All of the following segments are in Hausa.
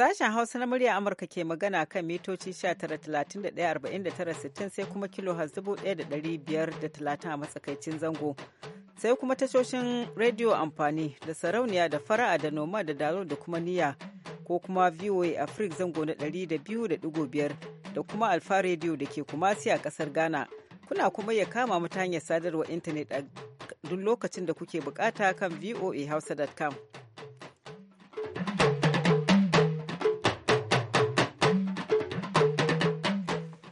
Sashen Hausa na murya Amurka ke magana kan mitoci 19,31,49,60 sai kuma kilo talatin a matsakaicin zango. Sai kuma tashoshin rediyo amfani da sarauniya da fara'a da noma da dalo da kuma niya ko kuma VOA Africa zango na 200.5 da kuma Alfa rediyo da ke kumasi a kasar Ghana. Kuna kuma ya kama mutane sadarwa intanet a duk lokacin da kuke bukata kan voahausa.com.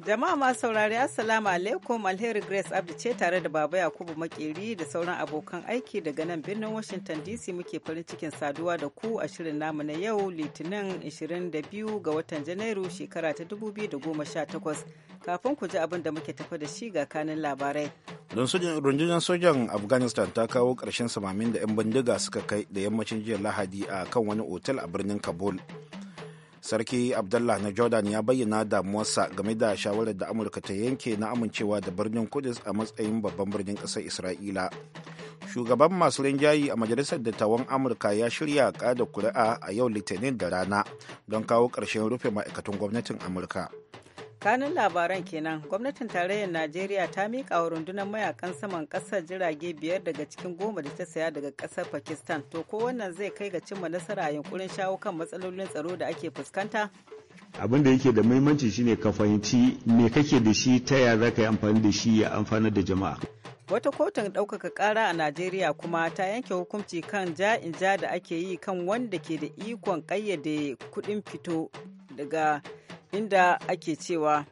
Jama'a masu saurari Assalamu alaikum Alheri Grace Abdi ce tare da Baba Yakubu Makeri da sauran abokan aiki daga nan birnin Washington DC muke farin cikin saduwa da ku a shirin namu na yau Litinin 22 ga watan Janairu shekara ta 2018. Kafin ku ji abin da muke tafa da shi ga kanin labarai. Rundunar sojan Afghanistan ta kawo karshen samamin da 'yan bindiga suka kai da yammacin jiya Lahadi a kan wani otal a birnin Kabul. sarki abdullah na jordan ya bayyana damuwarsa game da shawarar da amurka ta yanke na amincewa da birnin kudus a matsayin babban birnin ƙasar isra'ila shugaban masu rinjayi a majalisar dattawan amurka ya shirya kada kuri'a a yau litinin da rana don kawo ƙarshen rufe ma'aikatan gwamnatin amurka kanin labaran kenan gwamnatin tarayyar najeriya ta miƙa wa rundunar mayakan saman ƙasar jirage biyar daga cikin goma da ta saya daga ƙasar pakistan to ko wannan zai kai ga cimma nasara a yunkurin shawo kan matsalolin tsaro da ake fuskanta abin da yake da muhimmanci shine ka fahimci me kake da shi ta yaya za ka yi amfani da shi ya amfanar da jama'a wata kotun ɗaukaka ƙara a najeriya kuma ta yanke hukunci kan ja in ja da ake yi kan wanda ke da ikon kayyade kuɗin fito daga inda ake cewa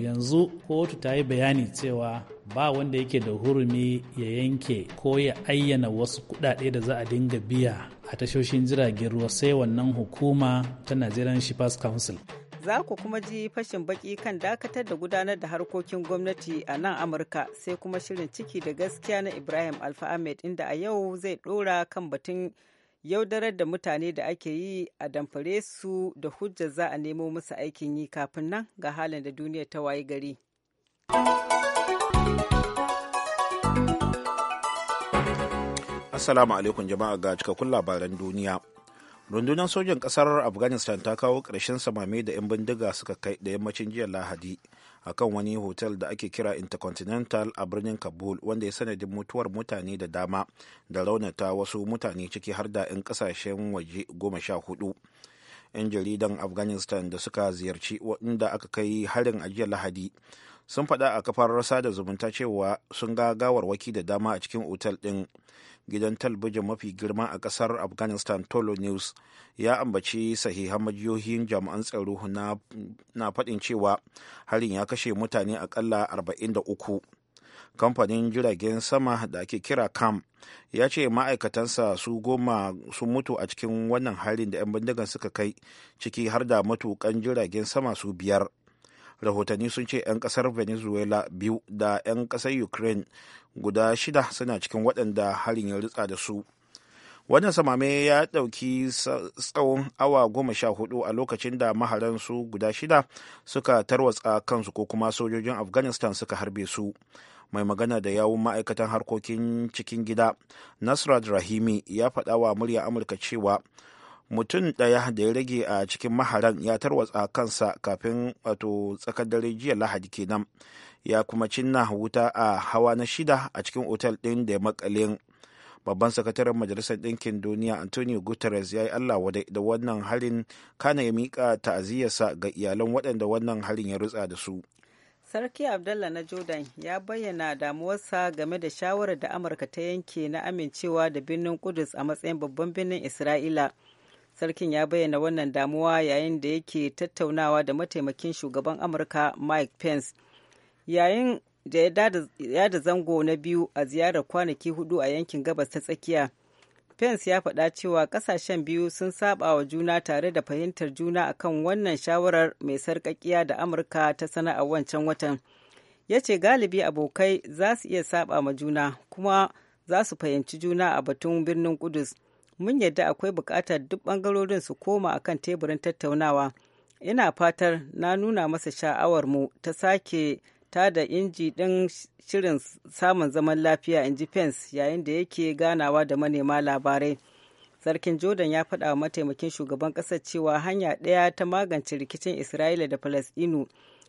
yanzu kotu ta yi bayani cewa ba wanda yake da hurumi ya yanke ko ya ayyana wasu kudade da za a dinga biya a tashoshin jiragen ruwa sai wannan hukuma ta nigerian shippers council za ku kuma ji fashin baki kan dakatar da gudanar da harkokin gwamnati a nan amurka sai kuma shirin ciki da gaskiya na ibrahim alfa ahmed inda a yau zai dora kan batun yaudarar da mutane da ake yi a damfare su da hujjar za a nemo musu aikin yi kafin nan ga halin da duniya ta wayi gari. Assalamu alaikum jama'a ga cikakkun labaran duniya. Rundunar sojan ƙasar Afghanistan ta kawo ƙarshen samame da 'yan bindiga suka kai da yammacin jiya Lahadi. a kan wani hotel da ake kira intercontinental a birnin kabul wanda ya sanadin mutuwar mutane da dama da raunata wasu mutane ciki har da 'yan kasashen waje goma sha hudu 'yan jaridan afghanistan da suka ziyarci waɗanda aka kai harin ajiyar lahadi sun faɗa a kafar rasa da zumunta cewa sun ga gawarwaki da dama a cikin otal ɗin gidan talbijin mafi girma a ƙasar afghanistan tolo news ya ambaci sahihan majiyoyin jami'an tsaro na faɗin cewa harin ya kashe mutane aƙalla 43 kamfanin jiragen sama da ake kira cam ya ce ma'aikatansa su goma sun mutu a cikin wannan harin da 'yan bindigan suka kai ciki har da matukan jiragen sama su biyar rahotanni sun ce 'yan kasar venezuela biyu da 'yan kasar ukraine guda shida suna cikin waɗanda harin ya ritsa da su wannan samame ya ɗauki tsawon awa goma sha hudu a lokacin da maharan su guda shida suka tarwatsa kansu ko kuma sojojin afghanistan suka harbe su mai magana da yawun ma'aikatan harkokin cikin gida nasrat rahimi ya faɗa wa murya amurka cewa mutum ɗaya da ya rage a cikin maharan ya tarwatsa kansa kafin wato tsakar dare jiya lahadi kenan ya kuma cinna wuta a hawa na shida a cikin otal din da ya makalin babban sakataren majalisar ɗinkin duniya antonio guterres ya yi allah wadai da wannan harin kana ya mika ta'aziyarsa ga iyalan waɗanda wannan harin ya rutsa da su sarki abdullah na jordan ya bayyana damuwarsa game da shawarar da amurka ta yanke na amincewa da birnin kudus a matsayin babban birnin isra'ila sarkin ya bayyana wannan damuwa yayin da yake tattaunawa da mataimakin shugaban amurka mike pence yayin da ya da zango na biyu a ziyarar kwanaki hudu a yankin gabas ta tsakiya pence ya faɗa cewa ƙasashen biyu sun saba wa juna tare da fahimtar juna akan wannan shawarar mai sarƙaƙiya da amurka ta sana a wancan watan ya ce galibi abokai za su iya saba ma juna kuma za su fahimci juna a batun birnin kudus mun yadda akwai bukatar duk bangarorin su koma akan teburin tattaunawa ina fatar na nuna masa sha'awar mu ta sake ta da inji ɗin shirin samun zaman lafiya in ji fence yayin da yake ganawa da manema labarai sarkin jordan ya faɗa wa mataimakin shugaban ƙasar cewa hanya ɗaya ta magance rikicin isra'ila da falasɗinu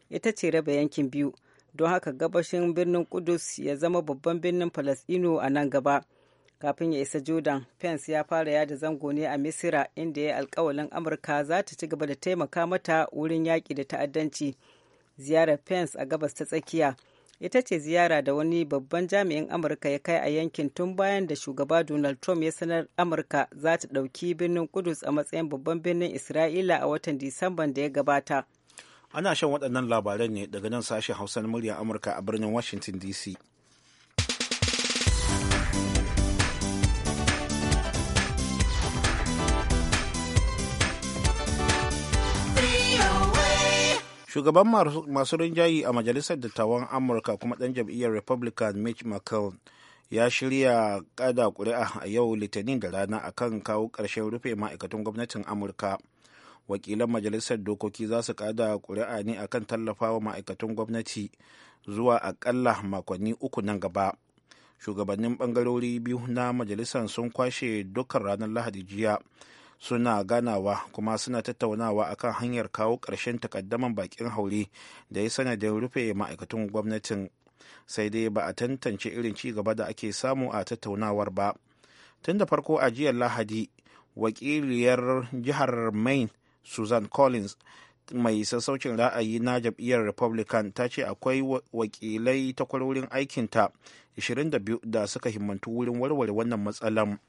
ita ce raba yankin biyu don haka gabashin birnin kudus ya zama babban birnin falasɗinu a nan gaba kafin ya isa jordan pence ya fara yada zango ne a misira inda ya yi alkawalin amurka za ta ci gaba da taimaka mata wurin yaƙi da ta'addanci ziyarar pence a gabas ta tsakiya ita ce ziyara da wani babban jami'in amurka ya kai a yankin tun bayan da shugaba donald trump ya sanar amurka za ta ɗauki birnin kudus a matsayin babban birnin isra'ila a watan disamban da ya gabata ana shan waɗannan labaran ne daga nan sashen hausa na murya amurka a birnin washington dc shugaban masu rinjayi a majalisar dattawan amurka kuma ɗan jam'iyyar republican mitch mcconnell ya shirya kada kuri'a a yau litinin da rana akan kawo ƙarshen rufe ma'aikatan gwamnatin amurka wakilan majalisar dokoki za su kada kuri'a ne akan tallafawa ma'aikatan gwamnati zuwa akalla makonni uku nan gaba shugabannin bangarori biyu na majalisar sun kwashe dukkan ranar lahadi jiya suna ganawa kuma suna tattaunawa akan hanyar kawo ƙarshen takaddaman bakin haure da ya sanadin rufe ma'aikatan gwamnatin sai dai ba a tantance irin ci gaba da ake samu a tattaunawar ba tun da farko a jiyar lahadi wakiliyar jihar maine susan collins mai sassaucin ra'ayi na jam'iyyar republican ta ce akwai wakilai takwarorin aikinta 22 da suka himmantu wurin warware wannan matsalan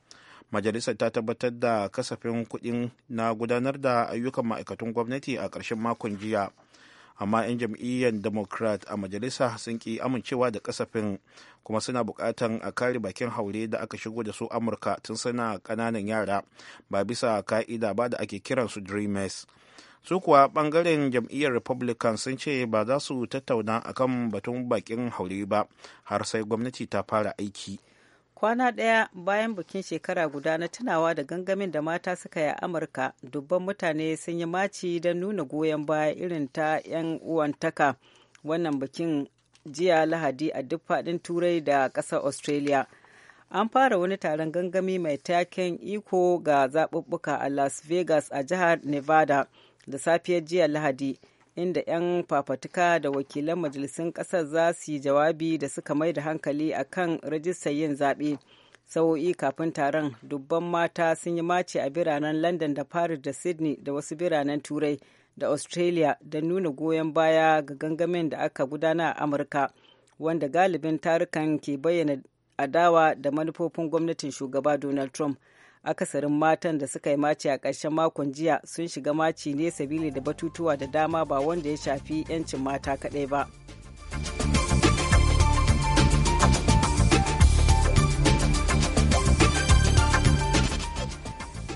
majalisar ta tabbatar da kasafin kuɗin na gudanar da ayyukan ma'aikatun gwamnati a ƙarshen makon jiya amma 'yan jam'iyyar democrat a majalisa sun ki amincewa da kasafin kuma suna bukatan a kare bakin haure da aka shigo da su amurka tun suna kananan yara ba bisa ka'ida ba da ake kiransu dreamers su kuwa bangaren jam'iyyar republican sun ce ba za su tattauna akan batun bakin haure ba har sai gwamnati ta fara aiki kwana ɗaya bayan bikin shekara guda na tunawa da gangamin da mata suka yi a amurka dubban mutane sun yi maci don nuna goyon baya irin ta 'yan uwantaka wannan bikin jiya lahadi a duk faɗin turai da ƙasar australia an fara wani taron gangami mai taken iko ga zaɓuɓɓuka a las vegas a jihar nevada da safiyar jiya lahadi inda 'yan fafatuka da wakilan majalisun ƙasar za su yi jawabi da suka mai da hankali a kan rajistar yin zaɓe sau'i kafin taron dubban mata sun yi mace a biranen london da paris da sydney da wasu biranen turai da australia da nuna goyon baya ga gangamin da aka gudana a amurka wanda galibin tarukan ke bayyana adawa da manufofin gwamnatin shugaba donald trump akasarin matan da suka yi maci a ƙarshen makon jiya sun shiga maci ne sabili da batutuwa da dama ba wanda ya shafi 'yancin mata kaɗai ba.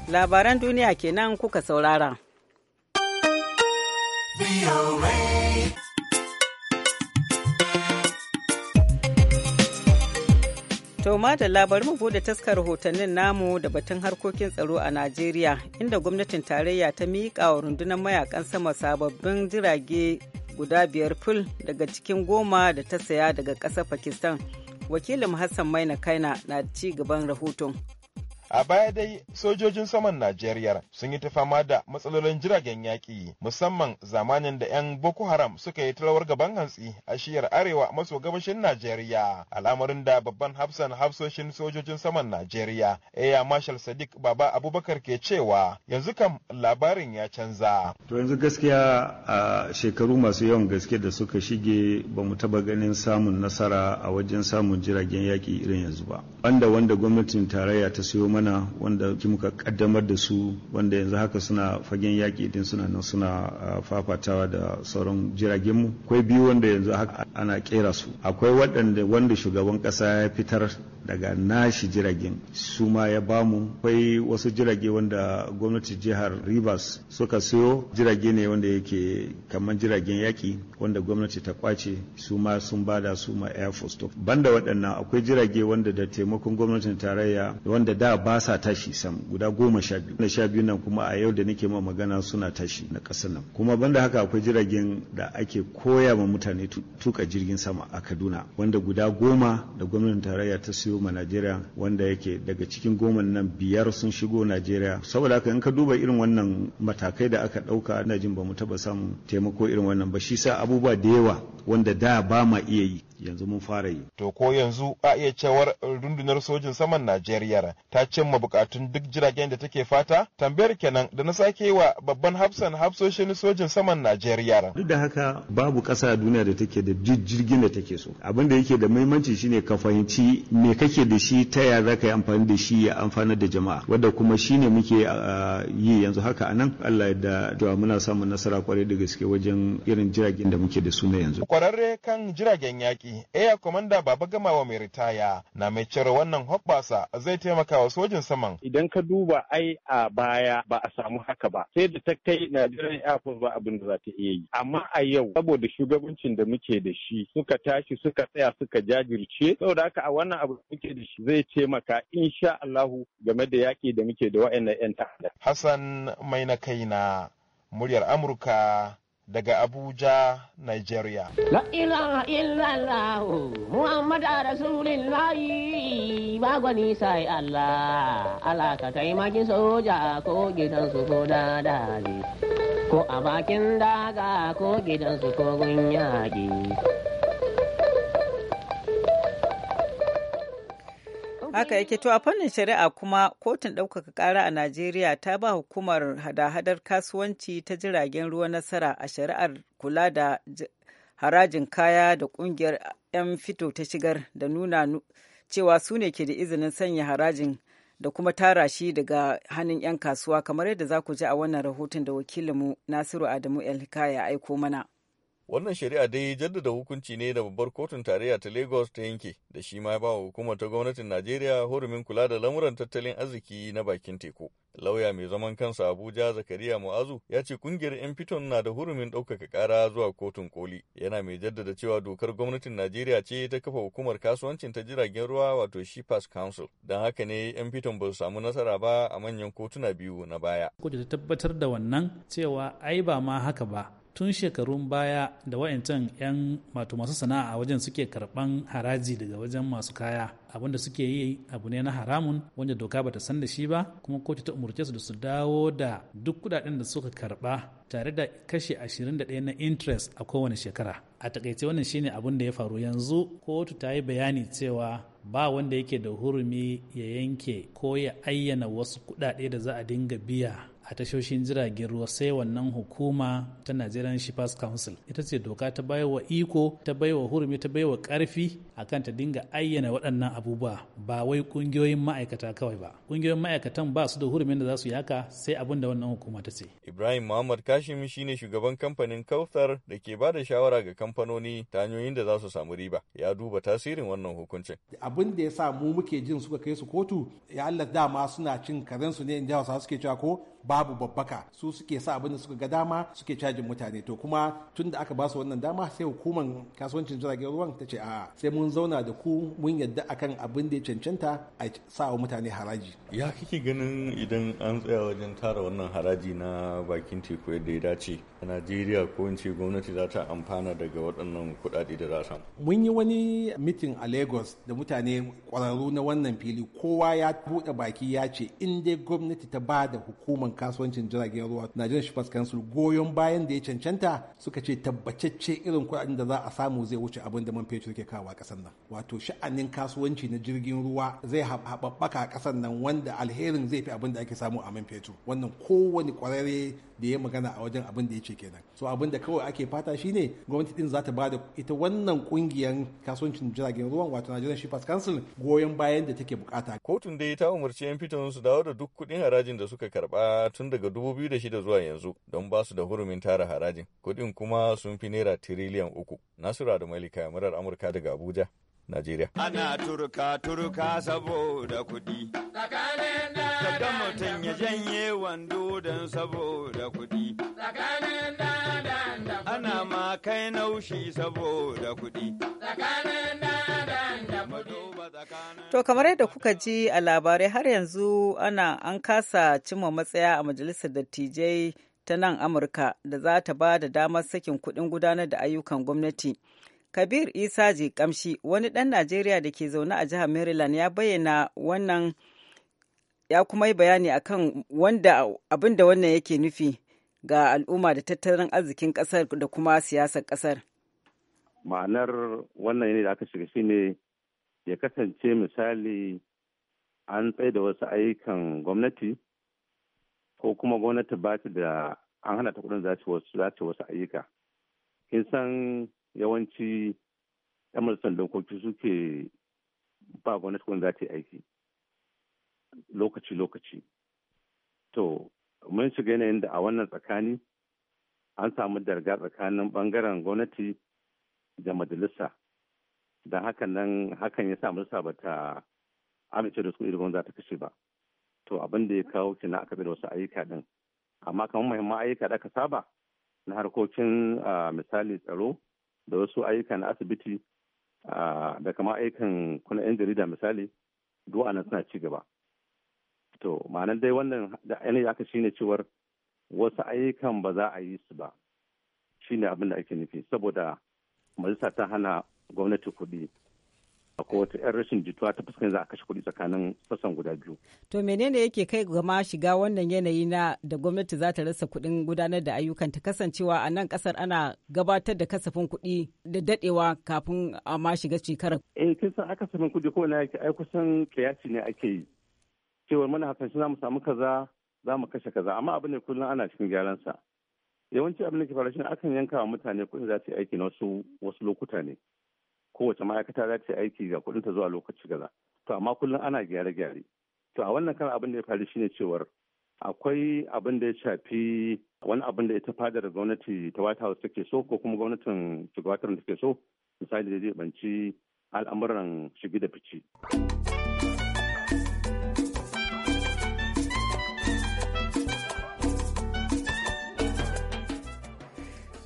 Labaran duniya kenan kuka saurara. To da bari mu bude taskar rahotannin namu da batun harkokin tsaro a Najeriya inda gwamnatin tarayya ta miƙa wa rundunar mayakan sama sababbin jirage guda biyar fil daga cikin goma da ta saya daga ƙasar Pakistan. Wakilin Hassan Maina Kaina na ci gaban rahoton. A baya dai sojojin saman Najeriya sun yi ta fama da matsalolin jiragen yaƙi musamman zamanin da 'yan Boko Haram suka yi talawar gaban hantsi a shiyar arewa maso gabashin Najeriya. Al'amarin da babban hafsan hafsoshin sojojin saman Najeriya Air Marshal Sadiq Baba Abubakar ke cewa yanzu kam labarin ya canza. To yanzu gaskiya a shekaru masu yawan gaske da suka shige ba mu taba ganin samun nasara a wajen samun jiragen yaƙi irin yanzu ba. Wanda wanda gwamnatin tarayya ta siyo mana wanda muka kaddamar da su wanda yanzu haka suna fagen yaƙi din suna nan suna ah, fafatawa da sauran jiragenmu akwai biyu wanda yanzu haka ana kera su akwai waɗanda wanda shugaban ƙasa ya fitar daga nashi jiragen su ma ya bamu akwai wasu jirage wanda gwamnati jihar rivers suka siyo jirage ne wanda yake kamar jiragen yaki wanda gwamnati ta kwace su ma sun bada su ma air force banda waɗannan akwai jirage wanda da taimakon gwamnatin tarayya wanda da ba sa tashi sam guda goma sha biyu na sha biyu nan kuma a yau da nake ma magana suna tashi na ƙasar nan kuma banda haka akwai jiragen da ake koya ma mutane tuka jirgin sama a kaduna wanda guda goma da gwamnatin tarayya ta siyo ma Najeriya wanda yake daga cikin goma nan biyar sun shigo Najeriya saboda haka in ka duba irin wannan matakai da aka ɗauka ina jin ba mu taɓa samun taimako irin wannan ba shi sa abubuwa da yawa wanda da ba ma iya yi yanzu mun fara yi. To ko yanzu a iya cewar rundunar sojin saman Najeriya ta cimma bukatun duk jiragen da take fata? Tambayar kenan da na sake wa babban hafsan hafsoshin sojin saman Najeriya. Duk da haka babu ƙasa duniya da take da jirgin da take so. Abin da yake da muhimmanci shine ka fahimci me kake da shi ta yaya za ka yi amfani da shi ya amfanar da jama'a. Wanda kuma shine muke yi yanzu haka anan, nan Allah da muna samun nasara kwarai da gaske wajen irin jiragen da muke da su na yanzu. Kwararre kan jiragen yaki. yaƙi Air Commander Baba Gamawa mai ritaya na mai cire wannan hoɓɓasa zai taimaka wa sojin saman. Idan ka duba ai a baya ba a samu haka ba sai da ta kai Nigerian Air Force ba abin da za ta iya yi. Amma a yau saboda shugabancin da muke da shi suka tashi suka tsaya suka jajirce saboda haka a wannan abu da muke da shi zai taimaka insha Allahu game da yaƙi da muke da wa'annan 'yan ta'adda. Hassan mai na kaina muryar Amurka daga Abuja, Nigeria. La ilaha illallah Muhammad Rasulullah ba gwani sai Allah, Allah ka taimakin soja ko gidansu ko dadali, ko a bakin daga ko gidansu ko gun yaƙi. Haka yake to a fannin shari'a kuma kotun ɗaukaka ƙara a Najeriya ta ba hukumar hada-hadar kasuwanci ta jiragen ruwa nasara a shari'ar kula da harajin kaya da ƙungiyar 'yan fito ta shigar da nuna cewa su ne ke da izinin sanya harajin da kuma tara shi daga hannun 'yan kasuwa kamar yadda za ku ji a wannan rahoton da wakilinmu Nasiru Adamu El ya aiko mana. Wannan shari'a dai jaddada hukunci ne da babbar kotun tarayya ta Lagos ta yanke da shi ma ba ba hukumar ta gwamnatin Najeriya hurumin kula da lamuran tattalin arziki na bakin teku. Lauya mai zaman kansa Abuja Zakariya Mu'azu ya ce kungiyar 'yan fiton na da hurumin ɗaukaka kara zuwa kotun koli. Yana mai jaddada cewa dokar gwamnatin Najeriya ce ta kafa hukumar kasuwancin ta jiragen ruwa wato shipas Council. Don haka ne 'yan fiton ba su samu nasara ba a manyan kotuna biyu na baya. Kotu ta tabbatar da wannan cewa ai ba ma haka ba tun shekarun baya da wayancan 'yan wato masu sana'a wajen suke karban haraji daga wajen masu kaya abin da suke yi abu ne na haramun wanda doka bata san da shi ba kuma kotu ta umurce su da su dawo da duk kudaden da suka karba tare da kashe 21 na interest a kowane shekara a takaice wannan shine abin da ya faru yanzu kotu ta yi bayani cewa ba wanda yake da hurumi ya yanke ko ya ayyana wasu kudade da za a dinga biya a tashoshin jiragen ruwa sai wannan hukuma ta Nigerian Shippers Council ita ce doka ta baiwa iko ta baiwa hurumi ta baiwa karfi akan ta dinga ayyana waɗannan abubuwa ba wai kungiyoyin ma'aikata kawai ba kungiyoyin ma'aikatan ba su da hurumin da za su yaka sai abin da wannan hukuma ta ce Ibrahim Muhammad Kashim shine shugaban kamfanin kautar da ke ba da shawara ga kamfanoni ta hanyoyin da za su samu riba ya duba tasirin wannan hukuncin abin da ya sa mu muke jin suka kai su kotu ya Allah dama suna cin karensu ne in jawa suke cewa ko babu babbaka su suke sa abin da suka ga dama suke cajin mutane to kuma tun da aka ba su wannan dama sai hukumar kasuwancin jiragen ruwan ta ce a'a sai mun zauna da ku mun yadda akan abin da ya cancanta a sa wa mutane haraji ya kike ganin idan an tsaya wajen tara wannan haraji na bakin teku yadda ya dace Najeriya ko in ce gwamnati za ta amfana daga waɗannan kuɗaɗe da za samu. Mun yi wani mitin a Lagos da mutane ƙwararru na wannan fili kowa ya buɗe baki ya ce in dai gwamnati ta ba da hukumar kasuwancin jiragen ruwa Najeriya Shippers Council goyon bayan da ya cancanta suka ce tabbatacce irin kuɗaɗen da za a samu zai wuce abin da man fetur ke kawo a ƙasar nan. Wato sha'anin kasuwanci na jirgin ruwa zai haɓaɓɓaka a ƙasar nan wanda alherin zai fi abin da ake samu a man fetur. Wannan kowane ƙwararre da ya magana a wajen abin da ya wuce kenan so abin da kawai ake fata shine gwamnati din za ta ba da ita wannan kungiyar kasuwancin jiragen ruwan wato Nigerian Shippers Council goyon bayan da take bukata kotun dai ta umarci yan fitan su dawo da duk kuɗin harajin da suka karba tun daga 2006 zuwa yanzu don ba su da hurumin tara harajin kuɗin kuma sun fi naira tiriliyan uku nasura da malika murar amurka daga abuja Najeriya. Ana turka turka saboda kuɗi. Tsakanin da ya janye wando don saboda kuɗi. kai naushi saboda kuɗi. To kamar yadda kuka ji a labarai har yanzu ana an kasa cimma matsaya a majalisar dattijai ta nan Amurka da za ta ba da damar sakin kuɗin gudanar da ayyukan gwamnati. Kabir Isa je kamshi wani ɗan Najeriya da ke zaune a jihar Maryland ya bayyana wannan ya kuma yi bayani akan wanda abin da wannan yake nufi. ga al'umma da tattalin arzikin kasar da kuma siyasar ƙasar? Ma'anar wannan yanayi da aka shiga shi ne ya kasance misali an tsaye da wasu ayyukan gwamnati ko kuma gwamnati ba ta da an hana ta kudin za wasu wasu ayyuka. Kin san yawanci 'yan majalisar dokoki suke ba gwamnati kudin za ta yi aiki lokaci-lokaci. To, mun shiga yanayin da a wannan tsakani an samu darga tsakanin bangaren gwamnati da majalisa da hakan nan hakan ya sa majalisa ba ta amince da su irin za ta kashe ba to abin da ya kawo kina aka da wasu ayyuka din amma kamar muhimman ayyuka da aka saba na harkokin misali tsaro da wasu ayyuka na asibiti da kama ayyukan kuna yan jarida misali duk suna ci gaba To, ma'ana dai wannan da yanayi aka ne cewar wasu ayyukan ba za a yi su ba. shi ne abin da ake nufi saboda majalisa ta hana gwamnati kuɗi a wata 'yan rashin jituwa ta fuskar za a kashe kuɗi tsakanin sassan guda biyu. To menene yake kai ga ma shiga wannan yanayi na da gwamnati za ta rasa kuɗin gudanar da ayyukan ta kasancewa a nan kasar ana gabatar da kasafin kuɗi da daɗewa kafin a ma shiga shekarar. Eh kin san kasafin kuɗi ko na yake ai kusan kiyasi ne ake yi. cewar mana hakan shi za mu samu kaza za mu kashe kaza amma abu ne kullum ana cikin gyaran sa yawanci abin da ke faruwa shi akan yanka wa mutane kuɗin za su yi aiki na wasu wasu lokuta ne kowace ma'aikata za ta yi aiki ga kuɗin ta zuwa lokaci kaza to amma kullum ana gyare gyare to a wannan kan abin da ya faru shi ne cewar akwai abin da ya shafi wani abin da ita fadar gwamnati ta white house take so ko kuma gwamnatin shugabatar take so misali da zai banci al'amuran shigi da fice.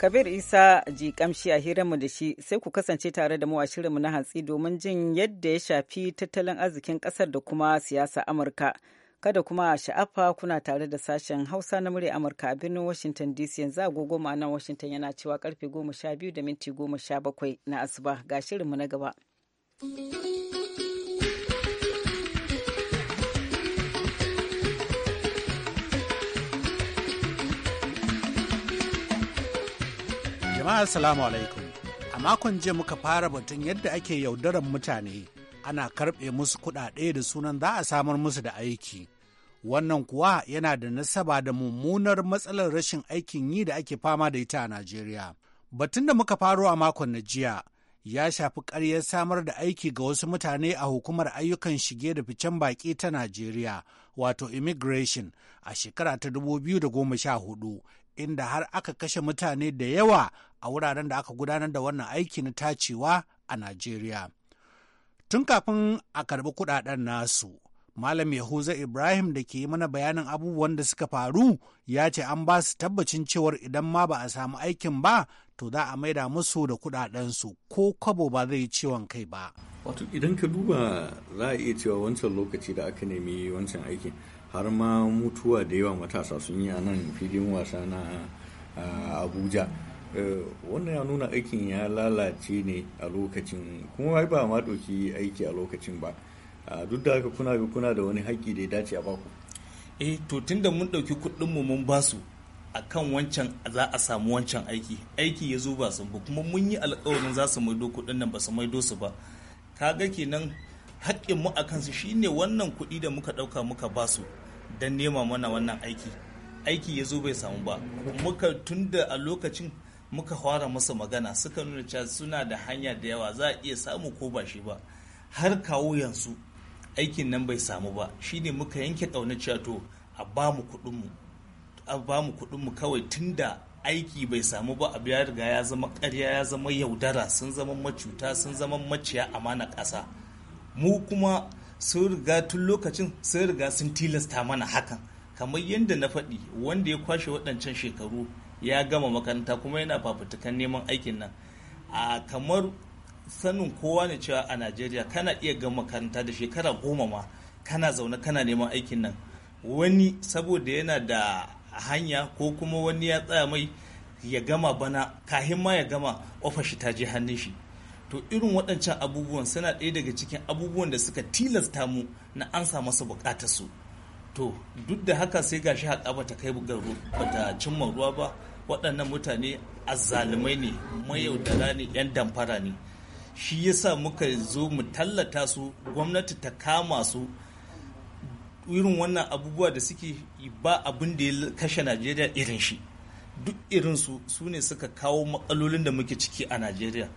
Kabir Isa ji kamshi a hiranmu da shi sai ku kasance tare da mu a shirinmu na hatsi domin jin yadda ya shafi tattalin arzikin ƙasar da kuma siyasa Amurka. Kada kuma a sha'afa kuna tare da sashen Hausa na murya Amurka a birnin washinton DC yanzu agogo ma'anar washinton yana cewa karfe goma sha biyu da minti goma sha bakwai na asuba ga shirinmu na gaba. Jama'a salamu alaikum. A makon jiya muka fara batun yadda ake yaudaran mutane ana karɓe musu kuɗaɗe da sunan za a samar musu da aiki. Wannan kuwa yana da nasaba da mummunar matsalar rashin aikin yi da ake fama da ita a Najeriya. Batun da muka faro a makon na jiya ya shafi karyar samar da aiki ga wasu mutane a hukumar ayyukan shige da ficen baƙi ta Najeriya, wato immigration, a shekara ta 2014 inda har aka kashe mutane da yawa a wuraren da aka gudanar da wannan aiki na tacewa a Najeriya. Tun kafin a karbi kudaden nasu, Malam Yahuza Ibrahim da ke yi mana bayanin abubuwan da suka faru ya ce an ba su tabbacin cewar idan ma ba a samu aikin ba to za a maida musu da kuɗaɗensu ko kwabo ba zai ciwon kai ba. Wato idan ka duba za a iya cewa wancan lokaci da aka nemi wancan aikin har ma mutuwa da yawa matasa sun yi a nan filin wasa na abuja eh, wannan ya nuna aikin ya lalace ne a lokacin kuma ba ma ɗauki aiki a lokacin ba duk da haka kuna ga kuna da wani haƙƙi da ya dace a baku eh to tunda mun ɗauki mu mun basu a kan wancan za a samu wancan aiki aiki ya zo ba su ba kuma mun yi alƙawarin za su maido kuɗin nan ba su maido su ba kaga kenan haƙƙinmu a kansu shine wannan kuɗi da muka ɗauka muka basu don nema mana wannan aiki aiki ya zo bai samu ba muka tunda a lokacin muka fara masa magana suka nuna cewa suna da hanya da yawa za a iya samu ko ba shi ba har kawo yanzu aikin nan bai samu ba shi ne muka yanke ƙaunar cewa to a ba mu kuɗinmu mu kawai tunda aiki bai samu ba abu ya riga ya zama ƙarya ya zama yaudara sun zama macuta sun zama maciya amana ƙasa mu kuma sun riga tun lokacin sun riga sun tilasta mana hakan kamar yadda na faɗi wanda ya kwashe waɗancan shekaru ya gama makaranta kuma yana fafutukan neman aikin nan a kamar sanin kowa ne cewa a najeriya kana iya gama makaranta da shekara goma ma kana zaune kana neman aikin nan wani saboda yana da hanya ko kuma wani ya tsaya mai ya gama bana kahin ma ya gama ofashi ta je hannun shi to irin waɗancan abubuwan suna ɗaya daga cikin abubuwan da suka tilasta mu na an sa masa buƙatar su to duk da haka sai gashi haƙa ta kai ga ta cimma ruwa ba waɗannan mutane azzalumai ne mayaudara ne 'yan damfara ne shi yasa muka zo mu tallata su gwamnati ta kama su irin wannan abubuwa da suke ba abin da ya kashe najeriya irin shi duk irinsu su ne suka kawo matsalolin da muke ciki a najeriya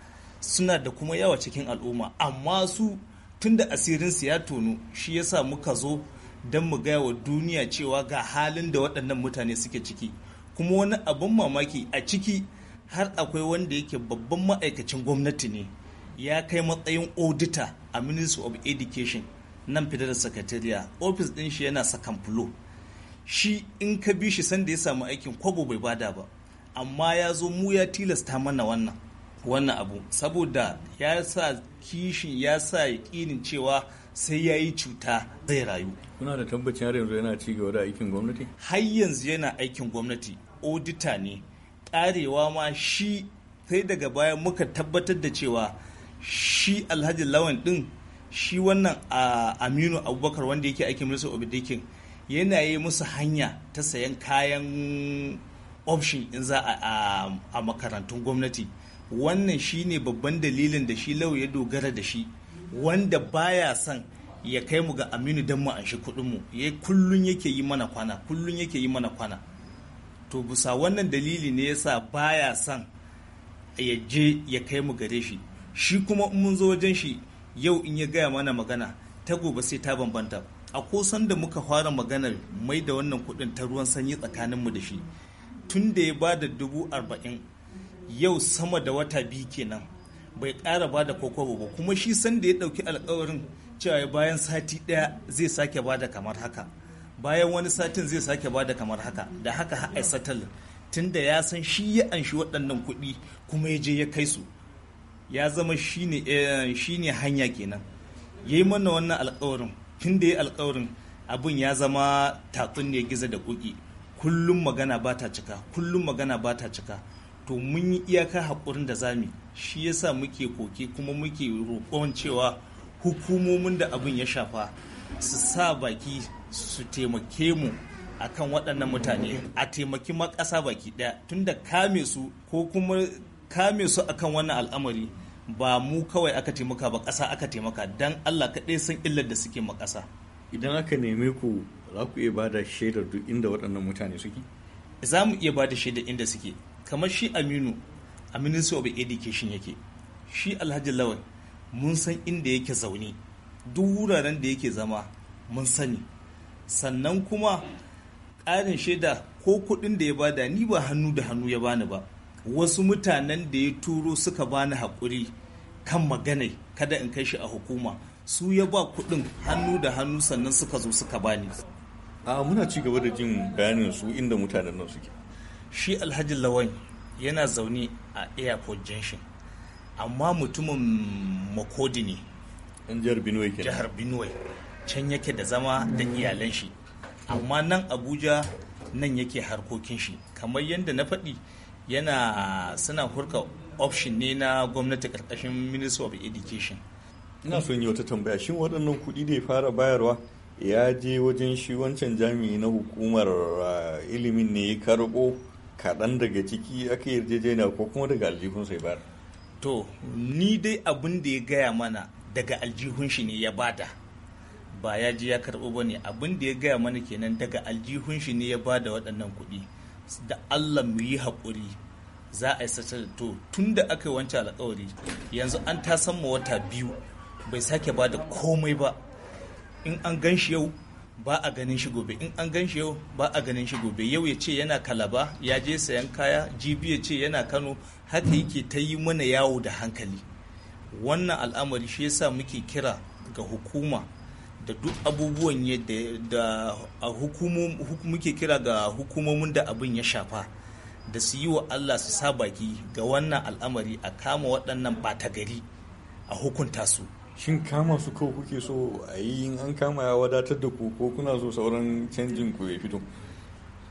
suna da kuma yawa cikin al'umma amma su tunda asirinsu ya tono shi yasa muka zo don mu gaya wa duniya cewa ga halin da waɗannan mutane suke ciki kuma wani abin mamaki a ciki har akwai wanda yake babban ma'aikacin gwamnati ne ya kai matsayin odita a ministry of education nan fita da sakatariya ofis ɗin shi yana sakan fulo shi in ka bi shi sanda ya samu aikin kwabo bai bada ba amma ya zo mu ya tilasta mana wannan wannan abu saboda ya sa kishin ya sa yaƙinin cewa sai ya yi cuta zai rayu kuna da tabbacin har yanzu yana ci gaba da aikin gwamnati har yanzu yana aikin gwamnati odita ne karewa ma shi sai daga baya muka tabbatar da cewa shi alhaji lawan din shi wannan aminu abubakar wanda yake aikin minister education yana yi musu hanya ta sayan kayan option in za a makarantun gwamnati wannan shine babban dalilin da shi lau ya dogara da shi wanda baya son ya kai mu ga aminu don mu anshi kuɗin mu ya kullun yake yi mana kwana kullun yake yi mana kwana to bisa wannan dalili ne yasa baya son ya je ya kai mu gare shi shi kuma mun zo wajen shi yau in ya gaya mana magana ta gobe sai ta bambanta a kosan da muka fara maganar mai da wannan kuɗin ta ruwan sanyi tsakaninmu da shi tun da ya ba da dubu arba'in yau sama da wata biyu kenan bai ƙara ba da kokobo ba kuma shi sanda ya ɗauki alkawarin cewa bayan sati ɗaya zai sake ba da kamar haka bayan wani satin zai sake ba da kamar haka da haka haka satal tun da ya san shi ya anshi waɗannan kuɗi kuma ya je ya kai su ya zama shi ne eh, hanya kenan ya yi mana wannan alkawarin tun da ya alkawarin abin ya zama tatsun ne gizo da kuki kullum magana ba ta cika kullum magana ba ta cika to mun yi iyaka haƙurin da zami shi yasa muke koke kuma muke roƙon cewa hukumomin da abin ya shafa su sa baki su taimake mu akan waɗannan mutane a taimaki makasa baki ɗaya tunda kame su ko kuma kame su akan wannan al'amari ba mu kawai aka taimaka ba ƙasa aka taimaka don allah kaɗai san illar da suke makasa idan aka neme ku za ku iya bada shaidar duk inda waɗannan mutane suke za mu iya bada shaidar inda suke kamar shi aminu a ministry of education yake shi alhaji lawan mun san inda yake zaune duk wuraren da yake zama mun sani sannan kuma ƙarin shaida ko kuɗin da ya bada ni ba hannu da hannu ya bani ba wasu mutanen da ya turo suka bani haƙuri kan maganai kada in kai shi a hukuma su ya ba kuɗin hannu da hannu sannan suka zo suka bani a muna ci gaba da jin bayanin su inda mutanen nan suke shi alhaji lawan yana zaune a airport junction amma mutumin makodi ne jihar jihar can yake da zama da iyalan shi amma nan abuja nan yake harkokin shi kamar yadda na faɗi yana suna hurka option ne na gwamnati ƙarƙashin ministry of education ina son yi wata tambaya shin waɗannan kuɗi da ya fara bayarwa ya je wajen shi wancan jami'i na hukumar ah, ilimin ne ya karɓo kaɗan daga ciki aka yarjejeniya ko kuma daga aljihun sai bayar to ni dai abin da ya gaya mana daga aljihun shi ne ya bada ba ya ji ya karɓo ba ne abin da ya gaya mana kenan daga aljihun shi ne ya bada waɗannan kuɗi da allah mu yi haƙuri za a yi sace to tun da aka yi wancan alƙawari yanzu an ta san ma wata biyu bai sake bada komai ba in an gan shi yau ba a ganin shi gobe in an ganshi shi yau ba a ganin shi gobe yau ya ce yana kalaba ya je sayan kaya jibi ya ce yana kano haka yake ta yi mana yawo da hankali wannan al'amari shi yasa muke kira ga hukuma da duk abubuwan da muke kira ga hukumomin da abin ya shafa da su yi wa allah su sa baki ga wannan al'amari a kama waɗannan ɓata gari a hukunta su shin kama su ko kuke so a yi in an kama ya wadatar da ku ko kuna so sauran canjin ku ya fito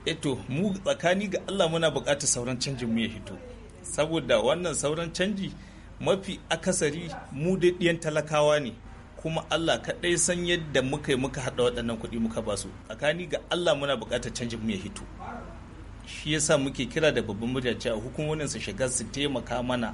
eto eh mu tsakani ga Allah muna buƙatar sauran canjin mu ya fito saboda wannan sauran canji mafi akasari mu dai ɗiyan talakawa ne kuma Allah kaɗai san yadda muka yi muka haɗa waɗannan kuɗi muka ba su tsakani ga Allah muna buƙatar canjin mu ya fito. shi yasa muke kira da babban murya cewa hukumomin su shiga su taimaka mana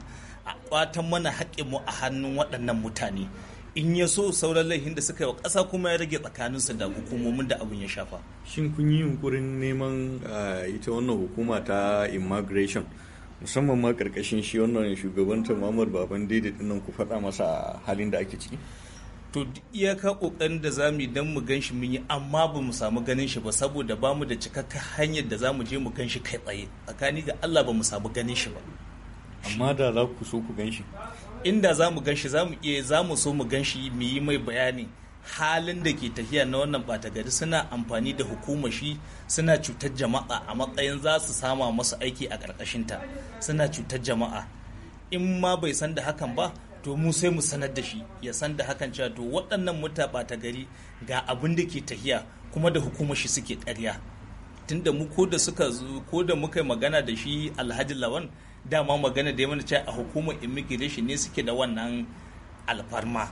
a kwatan mana haƙƙinmu a hannun waɗannan mutane in ya so sauran laifin da suka yi wa ƙasa kuma ya rage tsakaninsu da hukumomin da abin ya shafa. Shin kun yi yunkurin neman eh, ita wannan hukuma ta immigration musamman ma ƙarƙashin shi wannan shugabanta Muhammad Baban Daidai dinnan ku faɗa masa halin da ake ciki? To iyaka ƙoƙarin da za mu yi don mu gan shi mun yi amma ba mu samu ganin shi ba saboda ba mu da cikakken hanyar da za mu je mu ganshi kai tsaye tsakani ga Allah ba mu samu ganin shi ba. amma da za ku so ku ganshi. inda za mu ganshi za mu iya za mu so mu ganshi mu yi mai bayani halin da ke tafiya na wannan batagari gari suna amfani da hukumar shi suna cutar jama'a a matsayin za su sama masu aiki a ta suna cutar jama'a in ma bai san da hakan ba to mu sai mu sanar da shi ya san da hakan cewa to waɗannan muta batagari gari ga abin da ke tafiya kuma da hukumar shi suke ƙarya tunda mu ko da suka ko da muka yi magana da shi alhaji lawan dama magana da ya mana cewa a hukumar immigration ne suke da wannan alfarma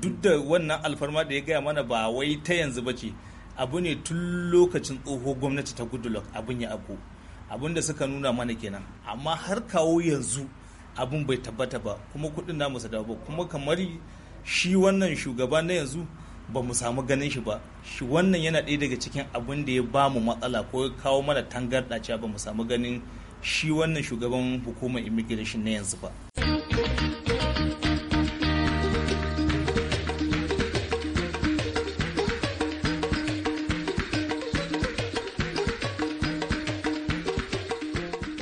duk da wannan alfarma da ya gaya mana ba wai ta yanzu ba ce abu ne tun lokacin tsoho gwamnati ta goodluck abin ya abu abin da suka nuna mana kenan amma har kawo yanzu abin bai tabbata ba kuma kudin namu su dawo kuma kamar shi wannan shugaba na yanzu ba mu samu ganin shi ba shi wannan yana ɗaya daga cikin abin da ya ba mu matsala ko ya kawo mana tangarɗa cewa ba mu samu ganin shi wannan shugaban hukumar immigration na yanzu ba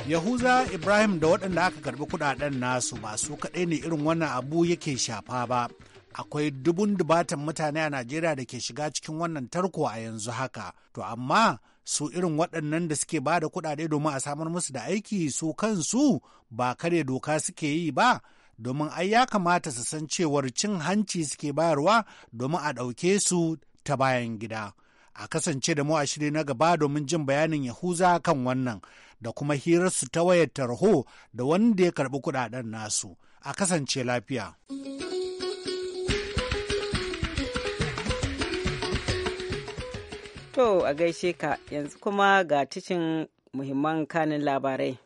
Yahuza Ibrahim da waɗanda aka karɓi kuɗaɗen nasu ba su kaɗai ne irin wannan abu yake shafa ba. Akwai dubun dubatan mutane a Najeriya da ke shiga cikin wannan tarko a yanzu haka. To amma su irin waɗannan da suke ba da kuɗaɗe domin a samar musu da aiki su kansu ba kare doka suke yi ba domin ai ya kamata su san cewar cin hanci suke bayarwa domin a ɗauke su ta bayan gida. A kasance da mu a shiri na gaba domin jin bayanin Yahuza kan wannan da kuma hirarsu ta wayar tarho da wanda ya karɓi kuɗaɗen nasu. A kasance lafiya. To a gaishe ka yanzu kuma ga cikin muhimman kanin labarai.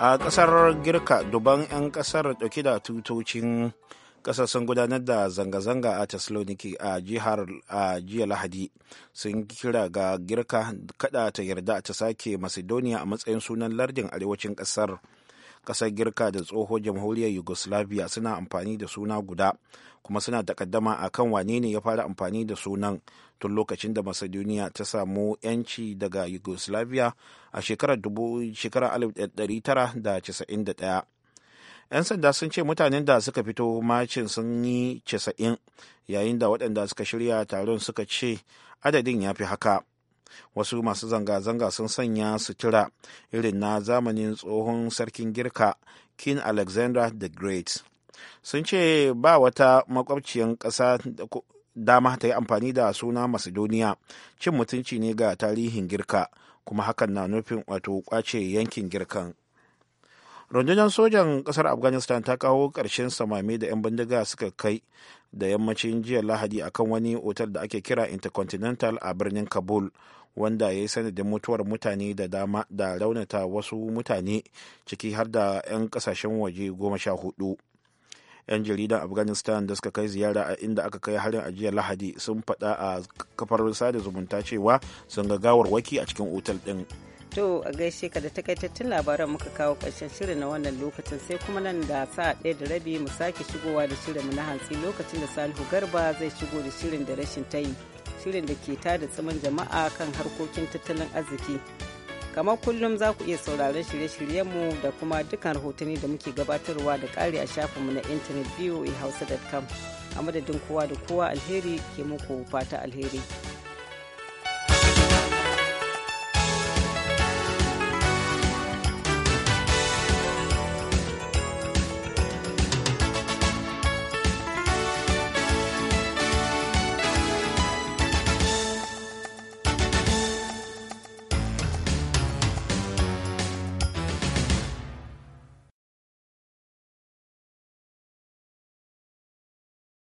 A ƙasar Girka duban 'yan ƙasar ɗauki da tutocin ƙasar sun gudanar da zanga-zanga a Thessaloniki a jihar a jiya Lahadi sun kira ga Girka kada ta yarda ta sake Macedonia a matsayin sunan lardin arewacin ƙasar. kasar girka da tsohon jamhuriyar yugoslavia suna amfani da suna guda kuma suna takaddama a kan wane ne ya fara amfani da sunan tun lokacin da macedonia ta samu 'yanci daga yugoslavia a shekarar 1991 'yan sanda sun ce mutanen da suka fito macin sun yi casa'in yayin da waɗanda suka shirya taron suka ce adadin ya fi haka wasu masu zanga-zanga sun sanya sutura irin na zamanin tsohon sarkin girka king alexander the great sun ce ba wata makwabciyar ƙasa dama ta yi amfani da suna macedonia cin mutunci ne ga tarihin girka kuma hakan na nufin wato kwace yankin girkan rundunar sojan kasar afghanistan ta kawo ƙarshen samame da 'yan bindiga suka kai da yammacin jiya lahadi akan wani otal da ake kira intercontinental a birnin kabul wanda ya yi sanadin mutuwar mutane da dama da raunata wasu mutane ciki har da 'yan kasashen waje goma sha hudu. 'yan jaridan afghanistan da suka kai ziyara a inda aka kai harin ajiyar lahadi sun faɗa a kafar sada zumunta cewa sun ga gawar waki a cikin otal ɗin. To a gaishe ka da takaitattun labaran muka kawo ƙarshen shirin na wannan lokacin sai kuma nan da sa'a ɗaya da rabi mu sake shigowa da shirin mu na hantsi lokacin da Salihu Garba zai shigo da shirin da rashin tayi. shirin da ke tada tsamin jama'a kan harkokin tattalin arziki. Kamar kullum za ku iya sauraron shirye-shiryenmu da kuma dukkan rahotanni da muke gabatarwa da kare a shafinmu na intanet voahausa.com. A madadin kowa da kowa alheri ke muku fata alheri.